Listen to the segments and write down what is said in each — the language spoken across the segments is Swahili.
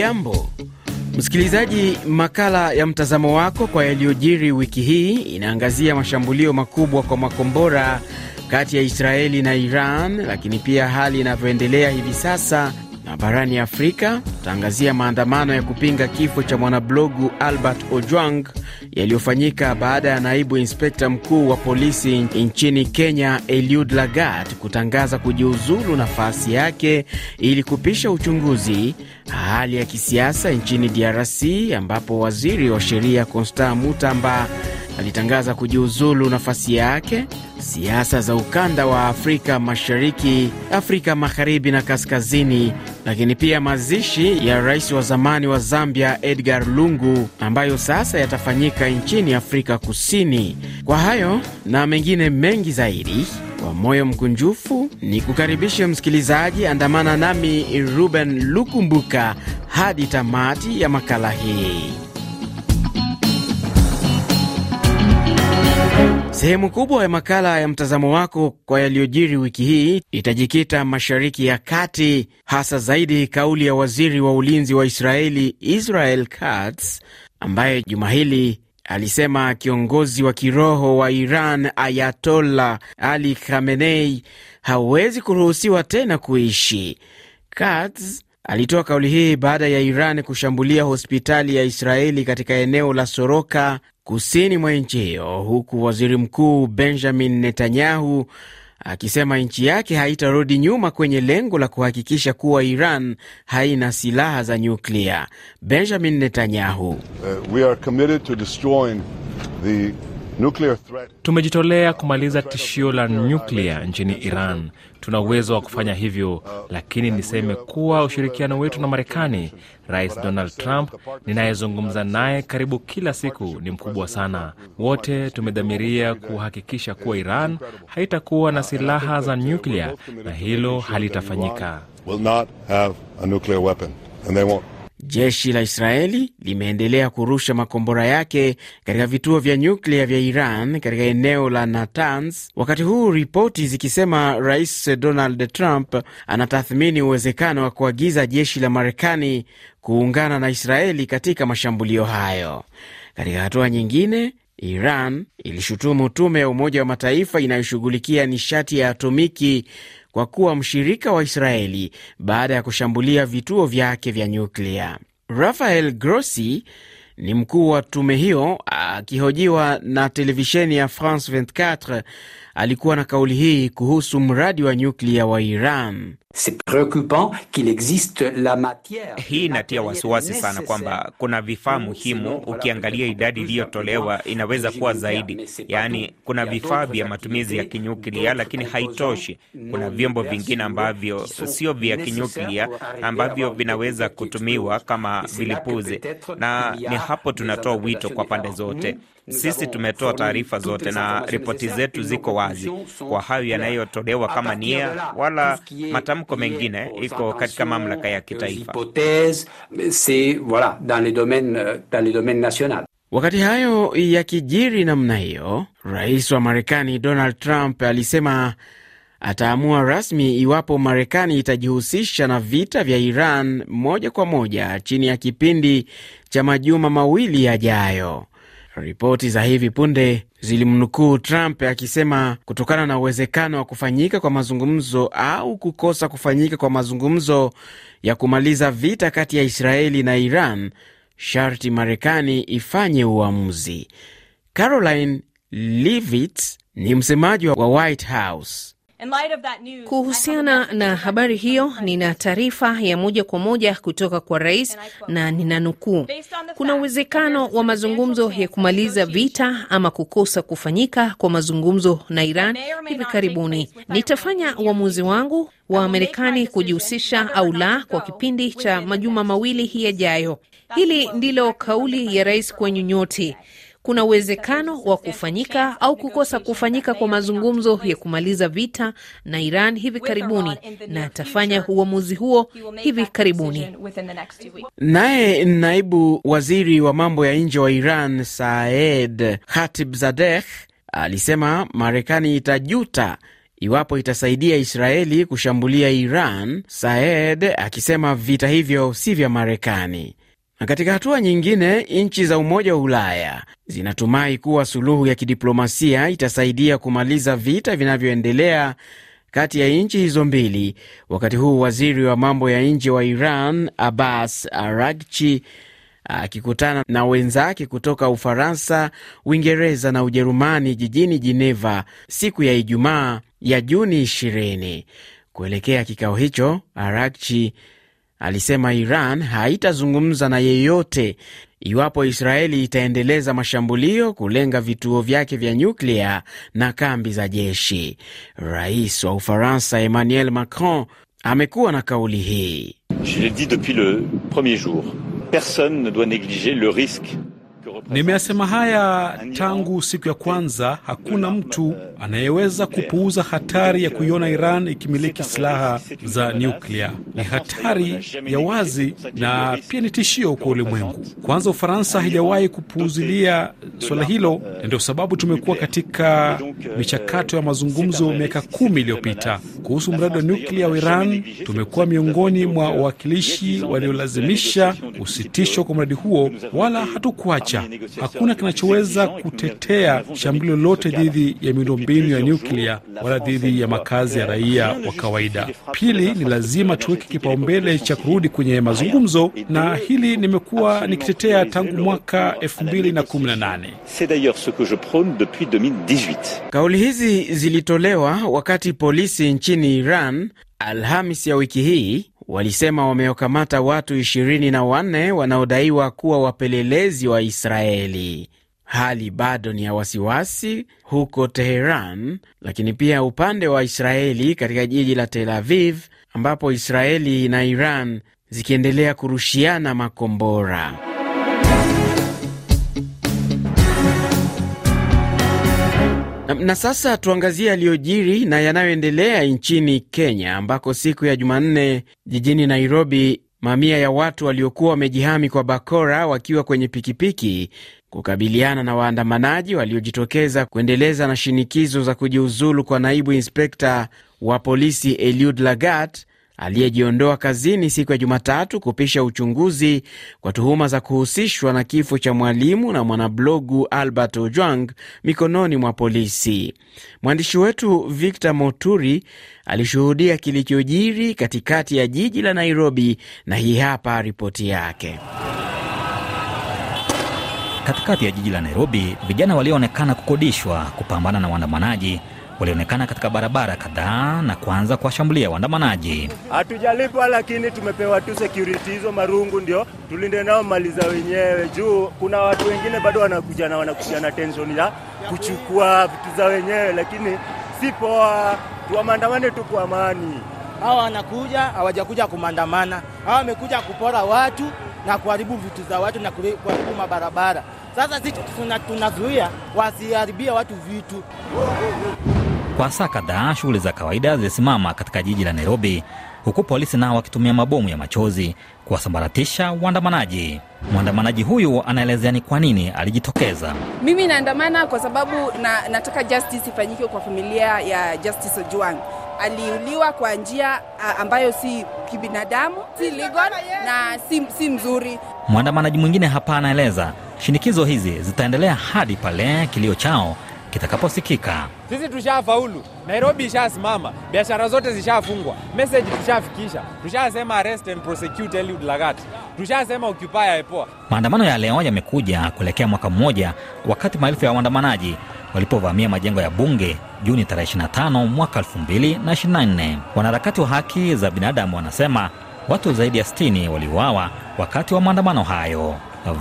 Hujambo msikilizaji, makala ya mtazamo wako kwa yaliyojiri wiki hii inaangazia mashambulio makubwa kwa makombora kati ya Israeli na Iran, lakini pia hali inavyoendelea hivi sasa na barani Afrika tutaangazia maandamano ya kupinga kifo cha mwanablogu Albert Ojwang yaliyofanyika baada ya naibu inspekta mkuu wa polisi nchini Kenya Eliud Lagat kutangaza kujiuzulu nafasi yake ili kupisha uchunguzi. Hali ya kisiasa nchini DRC ambapo waziri wa sheria Constant Mutamba alitangaza kujiuzulu nafasi yake. Siasa za ukanda wa Afrika Mashariki, Afrika Magharibi na Kaskazini, lakini pia mazishi ya rais wa zamani wa Zambia Edgar Lungu ambayo sasa yatafanyika nchini Afrika Kusini. Kwa hayo na mengine mengi zaidi, kwa moyo mkunjufu ni kukaribisha msikilizaji, andamana nami Ruben Lukumbuka hadi tamati ya makala hii. Sehemu kubwa ya makala ya mtazamo wako kwa yaliyojiri wiki hii itajikita Mashariki ya Kati, hasa zaidi kauli ya waziri wa ulinzi wa Israeli Israel Katz ambaye juma hili alisema kiongozi wa kiroho wa Iran Ayatollah Ali Khamenei hawezi kuruhusiwa tena kuishi. Katz Alitoa kauli hii baada ya Iran kushambulia hospitali ya Israeli katika eneo la Soroka kusini mwa nchi hiyo, huku waziri mkuu Benjamin Netanyahu akisema nchi yake haitarudi nyuma kwenye lengo la kuhakikisha kuwa Iran haina silaha za nyuklia. Benjamin Netanyahu: uh, we are committed to destroying the Tumejitolea kumaliza tishio la nyuklia nchini Iran. Tuna uwezo wa kufanya hivyo, lakini niseme kuwa ushirikiano wetu na Marekani, Rais Donald Trump ninayezungumza naye karibu kila siku, ni mkubwa sana. Wote tumedhamiria kuhakikisha kuwa Iran haitakuwa na silaha za nyuklia, na hilo halitafanyika. Jeshi la Israeli limeendelea kurusha makombora yake katika vituo vya nyuklia vya Iran katika eneo la Natanz, wakati huu ripoti zikisema Rais Donald Trump anatathmini uwezekano wa kuagiza jeshi la Marekani kuungana na Israeli katika mashambulio hayo. Katika hatua nyingine, Iran ilishutumu tume ya Umoja wa Mataifa inayoshughulikia nishati ya atomiki kwa kuwa mshirika wa Israeli baada ya kushambulia vituo vyake vya nyuklia. Rafael Grossi ni mkuu wa tume hiyo. Akihojiwa na televisheni ya France 24, alikuwa na kauli hii kuhusu mradi wa nyuklia wa Iran. Hii inatia wasiwasi sana kwamba kuna vifaa muhimu, ukiangalia idadi iliyotolewa inaweza kuwa zaidi. Yaani, kuna vifaa vya matumizi ya kinyuklia, lakini haitoshi. Kuna vyombo vingine ambavyo sio vya kinyuklia ambavyo vinaweza kutumiwa kama vilipuzi, na ni hapo tunatoa wito kwa pande zote hmm? Sisi tumetoa taarifa zote na ripoti zetu ziko wazi kwa hayo yanayotolewa kama nia wala matamko mengine, iko katika mamlaka ya euh, kitaifa. Euh, Wakati hayo yakijiri namna hiyo, rais wa Marekani Donald Trump alisema ataamua rasmi iwapo Marekani itajihusisha na vita vya Iran moja kwa moja chini ya kipindi cha majuma mawili yajayo. Ripoti za hivi punde zilimnukuu Trump akisema kutokana na uwezekano wa kufanyika kwa mazungumzo au kukosa kufanyika kwa mazungumzo ya kumaliza vita kati ya Israeli na Iran, sharti Marekani ifanye uamuzi. Caroline Leavitt ni msemaji wa White House. Kuhusiana na habari hiyo, nina taarifa ya moja kwa moja kutoka kwa rais na ninanukuu, kuna uwezekano wa mazungumzo ya kumaliza vita ama kukosa kufanyika kwa mazungumzo na Iran hivi karibuni. Nitafanya uamuzi wangu wa Marekani kujihusisha au la kwa kipindi cha majuma mawili yajayo. Hili ndilo kauli ya rais kwenyu nyoti kuna uwezekano wa kufanyika au kukosa kufanyika kwa mazungumzo ya kumaliza vita na Iran hivi karibuni, na atafanya uamuzi huo hivi karibuni. Naye naibu waziri wa mambo ya nje wa Iran Saed Khatibzadeh alisema Marekani itajuta iwapo itasaidia Israeli kushambulia Iran, Saed akisema vita hivyo si vya Marekani. Na katika hatua nyingine, nchi za Umoja wa Ulaya zinatumai kuwa suluhu ya kidiplomasia itasaidia kumaliza vita vinavyoendelea kati ya nchi hizo mbili, wakati huu waziri wa mambo ya nje wa Iran Abbas Araghchi akikutana na wenzake kutoka Ufaransa, Uingereza na Ujerumani jijini Jineva siku ya Ijumaa ya Juni 20 kuelekea kikao hicho Araghchi alisema Iran haitazungumza na yeyote iwapo Israeli itaendeleza mashambulio kulenga vituo vyake vya nyuklia na kambi za jeshi. Rais wa Ufaransa Emmanuel Macron amekuwa na kauli hii: Je l'ai dit depuis le premier jour, personne ne doit negliger le risque Nimeyasema haya tangu siku ya kwanza. Hakuna mtu anayeweza kupuuza hatari ya kuiona Iran ikimiliki silaha za nyuklia. Ni hatari ya wazi na pia ni tishio kwa ulimwengu. Kwanza, Ufaransa haijawahi kupuuzilia suala hilo, na ndio sababu tumekuwa katika michakato ya mazungumzo miaka kumi iliyopita kuhusu mradi wa nyuklia wa Iran. Tumekuwa miongoni mwa wawakilishi waliolazimisha usitisho kwa mradi huo, wala hatukuacha. Hakuna kinachoweza kutetea shambulio lolote dhidi ya miundombinu ya nyuklia wala dhidi ya makazi ya raia wa kawaida. Pili, ni lazima tuweke kipaumbele cha kurudi kwenye mazungumzo, na hili nimekuwa nikitetea tangu mwaka 2018. Kauli hizi zilitolewa wakati polisi nchini Iran Alhamis ya wiki hii walisema wamewakamata watu 24 wanaodaiwa kuwa wapelelezi wa Israeli. Hali bado ni ya wasiwasi huko Teheran, lakini pia upande wa Israeli katika jiji la Tel Aviv, ambapo Israeli na Iran zikiendelea kurushiana makombora. Na sasa tuangazie yaliyojiri na yanayoendelea nchini Kenya, ambako siku ya Jumanne jijini Nairobi, mamia ya watu waliokuwa wamejihami kwa bakora wakiwa kwenye pikipiki kukabiliana na waandamanaji waliojitokeza kuendeleza na shinikizo za kujiuzulu kwa naibu inspekta wa polisi Eliud Lagat aliyejiondoa kazini siku ya Jumatatu kupisha uchunguzi kwa tuhuma za kuhusishwa na kifo cha mwalimu na mwanablogu Albert Ojwang mikononi mwa polisi. Mwandishi wetu Victor Moturi alishuhudia kilichojiri katikati ya jiji la Nairobi, na hii hapa ripoti yake. Katikati ya jiji la Nairobi, vijana walioonekana kukodishwa kupambana na waandamanaji walionekana katika barabara kadhaa na kuanza kuwashambulia waandamanaji. Hatujalipwa, lakini tumepewa tu security hizo marungu, ndio tulinde nao mali za wenyewe, juu kuna watu wengine bado wanakuja na wanakuja na tension ya kuchukua vitu za wenyewe, lakini si poa. Tuwamandamane tu kwa amani. Hawa wanakuja hawajakuja kumandamana, hawa wamekuja kupora watu na kuharibu vitu za watu na kuharibu mabarabara. Sasa sisi tunazuia wasiharibia watu vitu. Kwa saa kadhaa shughuli za kawaida zilisimama katika jiji la Nairobi, huku polisi nao wakitumia mabomu ya machozi kuwasambaratisha waandamanaji. Mwandamanaji huyu anaelezea ni kwa nini alijitokeza. Mimi naandamana kwa sababu na, nataka justice ifanyike kwa familia ya Justice Ojwang. Aliuliwa kwa njia ambayo si kibinadamu, si legal na si, si mzuri. Mwandamanaji mwingine hapa anaeleza shinikizo hizi zitaendelea hadi pale kilio chao kitakaposikika. Sisi tushafaulu, Nairobi ishasimama, biashara zote zishafungwa, meseji tushafikisha, tushasema arrest and prosecute Eliud Lagat, tushasema occupy IPOA. Maandamano ya leo yamekuja kuelekea mwaka mmoja, wakati maelfu ya waandamanaji walipovamia majengo ya bunge Juni 25 mwaka 2024. Wanaharakati wa haki za binadamu wanasema watu zaidi ya 60 waliuawa wakati wa maandamano hayo.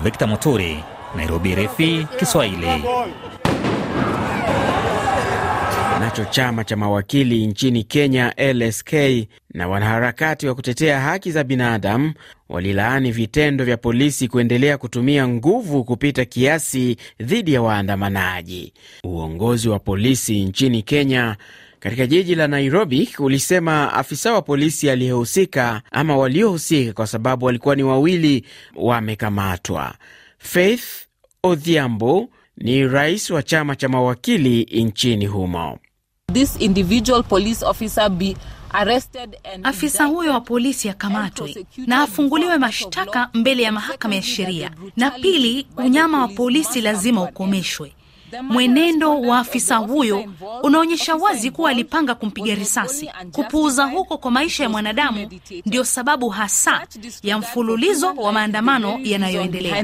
Victor Muturi, Nairobi, RFI Kiswahili nacho chama cha mawakili nchini Kenya LSK na wanaharakati wa kutetea haki za binadamu walilaani vitendo vya polisi kuendelea kutumia nguvu kupita kiasi dhidi ya waandamanaji. Uongozi wa polisi nchini Kenya katika jiji la Nairobi ulisema afisa wa polisi aliyehusika ama waliohusika, kwa sababu walikuwa ni wawili, wamekamatwa. Faith Odhiambo ni rais wa chama cha mawakili nchini humo. This individual police officer be Afisa huyo wa polisi akamatwe na afunguliwe mashtaka mbele ya mahakama ya sheria. Na pili, unyama wa polisi lazima ukomeshwe. Mwenendo wa afisa huyo unaonyesha wazi kuwa alipanga kumpiga risasi. Kupuuza huko kwa maisha ya mwanadamu ndiyo sababu hasa ya mfululizo wa maandamano yanayoendelea.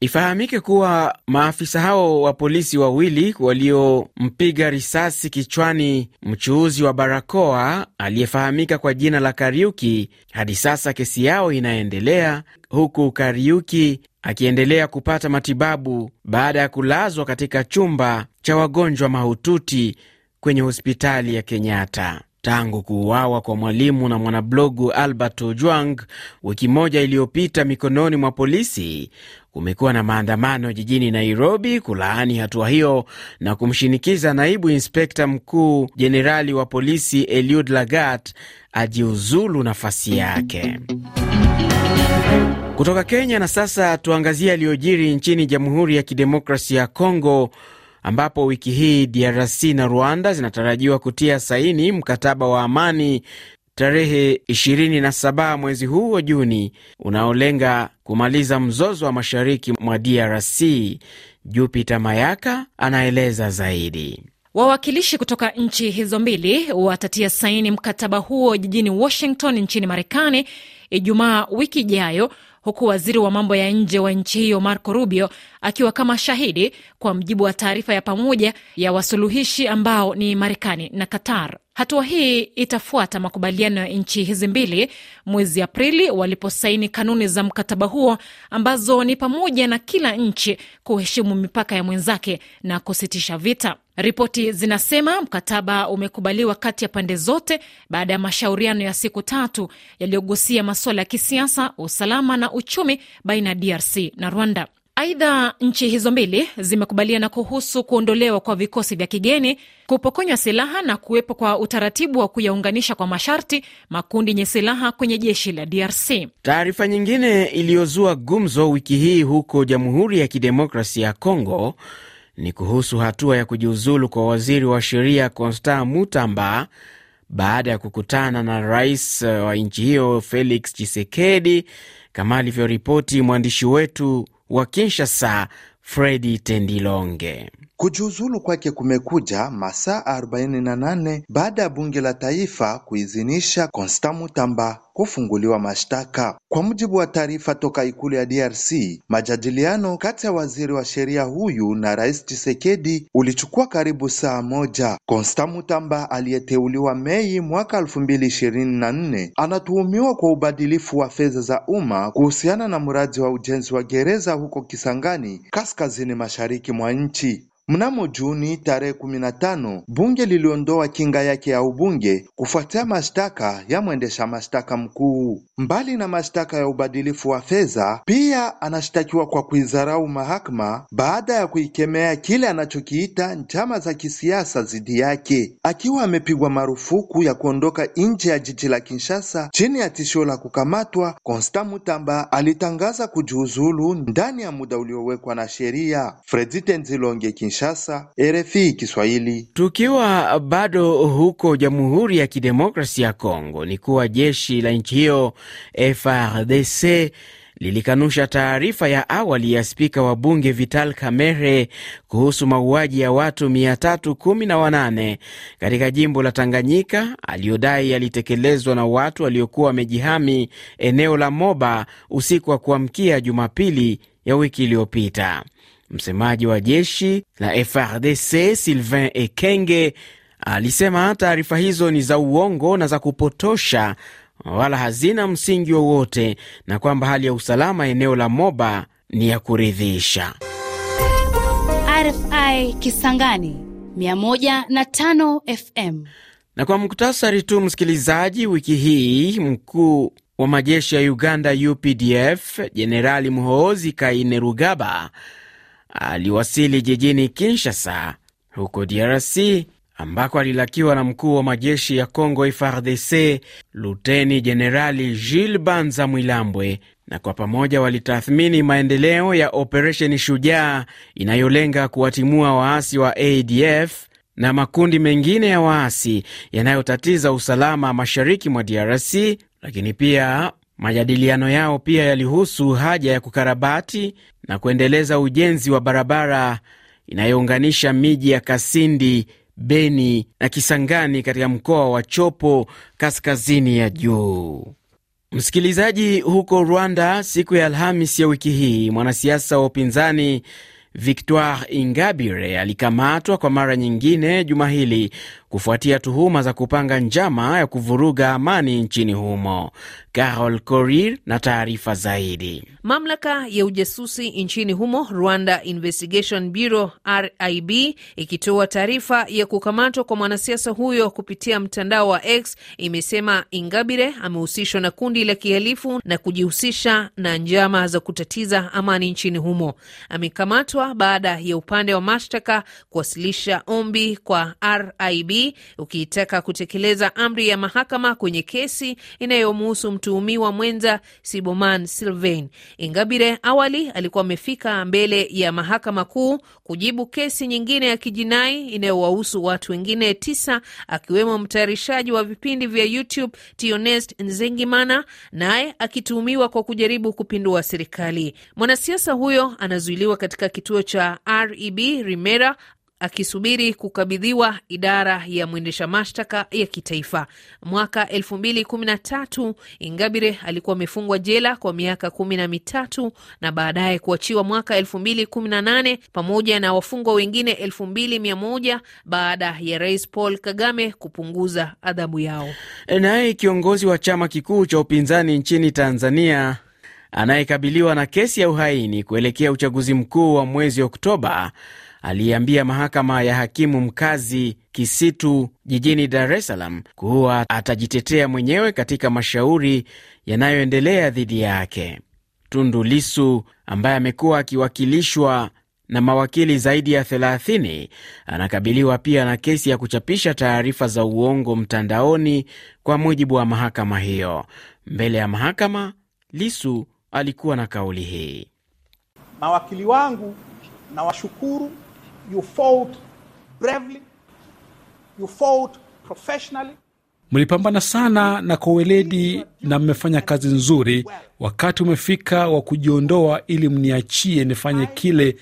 Ifahamike kuwa maafisa hao wa polisi wawili waliompiga risasi kichwani mchuuzi wa barakoa aliyefahamika kwa jina la Kariuki, hadi sasa kesi yao inaendelea, huku Kariuki akiendelea kupata matibabu baada ya kulazwa katika chumba cha wagonjwa mahututi kwenye hospitali ya Kenyatta. Tangu kuuawa kwa mwalimu na mwanablogu Albert Ojwang wiki moja iliyopita mikononi mwa polisi, kumekuwa na maandamano jijini Nairobi kulaani hatua hiyo na kumshinikiza naibu inspekta mkuu jenerali wa polisi Eliud Lagat ajiuzulu nafasi yake. Kutoka Kenya na sasa tuangazie aliyojiri nchini Jamhuri ya Kidemokrasia ya Kongo ambapo wiki hii DRC na Rwanda zinatarajiwa kutia saini mkataba wa amani tarehe 27 mwezi huu wa Juni unaolenga kumaliza mzozo wa mashariki mwa DRC. Jupita Mayaka anaeleza zaidi. Wawakilishi kutoka nchi hizo mbili watatia saini mkataba huo jijini Washington nchini Marekani Ijumaa wiki ijayo, huku waziri wa mambo ya nje wa nchi hiyo Marco Rubio akiwa kama shahidi, kwa mujibu wa taarifa ya pamoja ya wasuluhishi ambao ni Marekani na Qatar. Hatua hii itafuata makubaliano ya nchi hizi mbili mwezi Aprili waliposaini kanuni za mkataba huo ambazo ni pamoja na kila nchi kuheshimu mipaka ya mwenzake na kusitisha vita. Ripoti zinasema mkataba umekubaliwa kati ya pande zote baada ya mashauriano ya siku tatu yaliyogusia masuala ya kisiasa, usalama na uchumi baina ya DRC na Rwanda. Aidha, nchi hizo mbili zimekubaliana kuhusu kuondolewa kwa vikosi vya kigeni, kupokonywa silaha na kuwepo kwa utaratibu wa kuyaunganisha kwa masharti makundi yenye silaha kwenye jeshi la DRC. Taarifa nyingine iliyozua gumzo wiki hii huko Jamhuri ya Kidemokrasia ya congo ni kuhusu hatua ya kujiuzulu kwa waziri wa sheria Constant Mutamba baada ya kukutana na rais wa nchi hiyo Felix Tshisekedi, kama alivyoripoti mwandishi wetu wa Kinshasa, Fredi Tendilonge. Kujiuzulu kwake kumekuja masaa 48 baada ya bunge la taifa kuidhinisha Constant Mutamba kufunguliwa mashtaka. Kwa mujibu wa taarifa toka ikulu ya DRC, majadiliano kati ya waziri wa sheria huyu na Rais Tshisekedi ulichukua karibu saa moja. Constant Mutamba aliyeteuliwa Mei mwaka 2024 anatuhumiwa kwa ubadilifu wa fedha za umma kuhusiana na mradi wa ujenzi wa gereza huko Kisangani, kaskazini mashariki mwa nchi. Mnamo Juni tarehe 15, bunge liliondoa kinga yake ya ubunge kufuatia mashtaka ya mwendesha mashtaka mkuu. Mbali na mashtaka ya ubadilifu wa fedha, pia anashtakiwa kwa kuidharau mahakama baada ya kuikemea kile anachokiita njama za kisiasa dhidi yake, akiwa amepigwa marufuku ya kuondoka nje ya jiji la Kinshasa chini ya tishio la kukamatwa. Constant Mutamba alitangaza kujiuzulu ndani ya muda uliowekwa na sheria. Fredy Tenzilonge, Kinshasa. Kinshasa, RFI Kiswahili. Tukiwa bado huko Jamhuri ya Kidemokrasia ya Kongo, ni kuwa jeshi la nchi hiyo frdc lilikanusha taarifa ya awali ya spika wa bunge Vital Kamerhe kuhusu mauaji ya watu 318 katika jimbo la Tanganyika aliyodai yalitekelezwa na watu waliokuwa wamejihami eneo la Moba usiku wa kuamkia Jumapili ya wiki iliyopita. Msemaji wa jeshi la FRDC Sylvain Ekenge alisema taarifa hizo ni za uongo na za kupotosha, wala hazina msingi wowote, na kwamba hali ya usalama eneo la Moba ni ya kuridhisha. RFI Kisangani 105 FM. Na kwa muktasari tu, msikilizaji, wiki hii mkuu wa majeshi ya Uganda UPDF Jenerali Muhoozi Kainerugaba aliwasili jijini Kinshasa huko DRC ambako alilakiwa na mkuu wa majeshi ya Congo frdc Luteni Jenerali Jules Banza Mwilambwe, na kwa pamoja walitathmini maendeleo ya operesheni Shujaa inayolenga kuwatimua waasi wa ADF na makundi mengine ya waasi yanayotatiza usalama mashariki mwa DRC, lakini pia Majadiliano yao pia yalihusu haja ya kukarabati na kuendeleza ujenzi wa barabara inayounganisha miji ya Kasindi, Beni na Kisangani katika mkoa wa Chopo kaskazini ya juu. Msikilizaji, huko Rwanda, siku ya Alhamis ya wiki hii, mwanasiasa wa upinzani Victoire Ingabire alikamatwa kwa mara nyingine juma hili kufuatia tuhuma za kupanga njama ya kuvuruga amani nchini humo. Carol Korir na taarifa zaidi. Mamlaka ya ujasusi nchini humo Rwanda Investigation Bureau RIB ikitoa taarifa ya kukamatwa kwa mwanasiasa huyo kupitia mtandao wa X imesema Ingabire amehusishwa na kundi la kihalifu na kujihusisha na njama za kutatiza amani nchini humo. Amekamatwa baada ya upande wa mashtaka kuwasilisha ombi kwa RIB hii kutekeleza amri ya mahakama kwenye kesi inayomuhusu mtuhumiwa mwenza Siboman Sylvain. Ingabire awali alikuwa amefika mbele ya mahakama kuu kujibu kesi nyingine ya kijinai inayowahusu watu wengine tisa akiwemo mtayarishaji wa vipindi vya YouTube Tionest Nzengimana, naye akituhumiwa kwa kujaribu kupindua serikali. Mwanasiasa huyo anazuiliwa katika kituo cha REB Rimera akisubiri kukabidhiwa idara ya mwendesha mashtaka ya kitaifa. Mwaka 2013 Ingabire alikuwa amefungwa jela kwa miaka kumi na mitatu na baadaye kuachiwa mwaka 2018 pamoja na wafungwa wengine 2100 baada ya Rais Paul Kagame kupunguza adhabu yao. Naye kiongozi wa chama kikuu cha upinzani nchini Tanzania anayekabiliwa na kesi ya uhaini kuelekea uchaguzi mkuu wa mwezi Oktoba aliyeambia mahakama ya hakimu mkazi Kisitu jijini Dar es Salaam kuwa atajitetea mwenyewe katika mashauri yanayoendelea dhidi yake. Tundu Lisu ambaye amekuwa akiwakilishwa na mawakili zaidi ya 30 anakabiliwa pia na kesi ya kuchapisha taarifa za uongo mtandaoni kwa mujibu wa mahakama hiyo. Mbele ya mahakama, Lisu alikuwa na kauli hii: mawakili wangu nawashukuru You fought bravely. You fought professionally. Mlipambana sana na kwa weledi na mmefanya kazi nzuri. Wakati umefika wa kujiondoa ili mniachie nifanye kile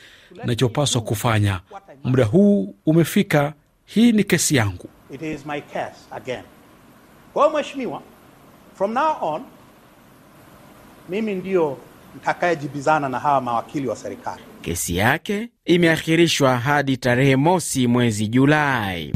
nachopaswa kufanya. Muda huu umefika. Hii ni kesi yangu. It is my case again. Kwa hiyo mheshimiwa, from now on, mimi ndio mtakayejibizana na hawa mawakili wa serikali. Kesi yake imeahirishwa hadi tarehe mosi mwezi Julai.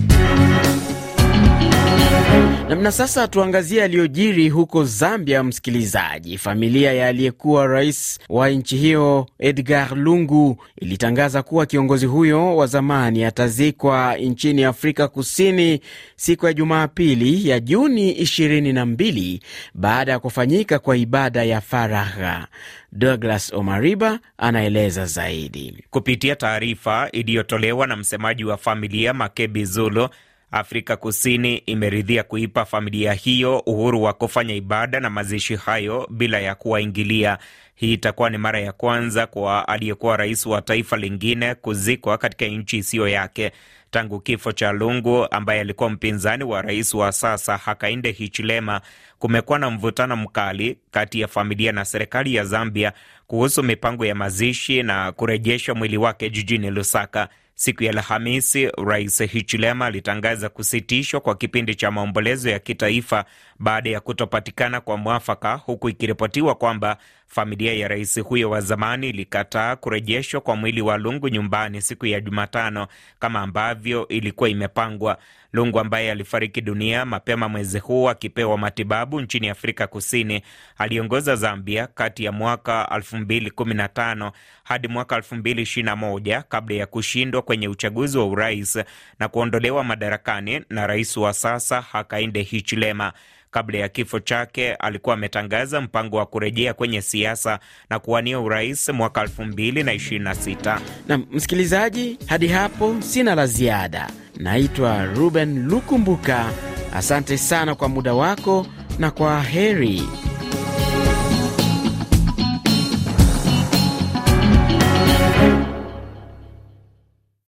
Namna sasa, tuangazie aliyojiri huko Zambia. Msikilizaji, familia ya aliyekuwa rais wa nchi hiyo Edgar Lungu ilitangaza kuwa kiongozi huyo wa zamani atazikwa nchini Afrika Kusini siku ya Jumapili ya Juni 22 baada ya kufanyika kwa ibada ya faragha. Douglas Omariba anaeleza zaidi kupitia taarifa iliyotolewa na msemaji wa familia Makebi Zulo. Afrika Kusini imeridhia kuipa familia hiyo uhuru wa kufanya ibada na mazishi hayo bila ya kuwaingilia. Hii itakuwa ni mara ya kwanza kwa aliyekuwa rais wa taifa lingine kuzikwa katika nchi isiyo yake tangu kifo cha Lungu ambaye alikuwa mpinzani wa rais wa sasa Hakainde Hichilema. Kumekuwa na mvutano mkali kati ya familia na serikali ya Zambia kuhusu mipango ya mazishi na kurejesha mwili wake jijini Lusaka. Siku ya Alhamisi, Rais Hichilema alitangaza kusitishwa kwa kipindi cha maombolezo ya kitaifa baada ya kutopatikana kwa mwafaka, huku ikiripotiwa kwamba familia ya rais huyo wa zamani ilikataa kurejeshwa kwa mwili wa Lungu nyumbani siku ya Jumatano kama ambavyo ilikuwa imepangwa. Lungu ambaye alifariki dunia mapema mwezi huu akipewa matibabu nchini Afrika Kusini aliongoza Zambia kati ya mwaka 2015 hadi mwaka 2021 kabla ya kushindwa kwenye uchaguzi wa urais na kuondolewa madarakani na rais wa sasa Hakainde Hichilema. Kabla ya kifo chake alikuwa ametangaza mpango wa kurejea kwenye siasa na kuwania urais mwaka 2026. Na msikilizaji, hadi hapo sina la ziada. Naitwa Ruben Lukumbuka, asante sana kwa muda wako na kwa heri.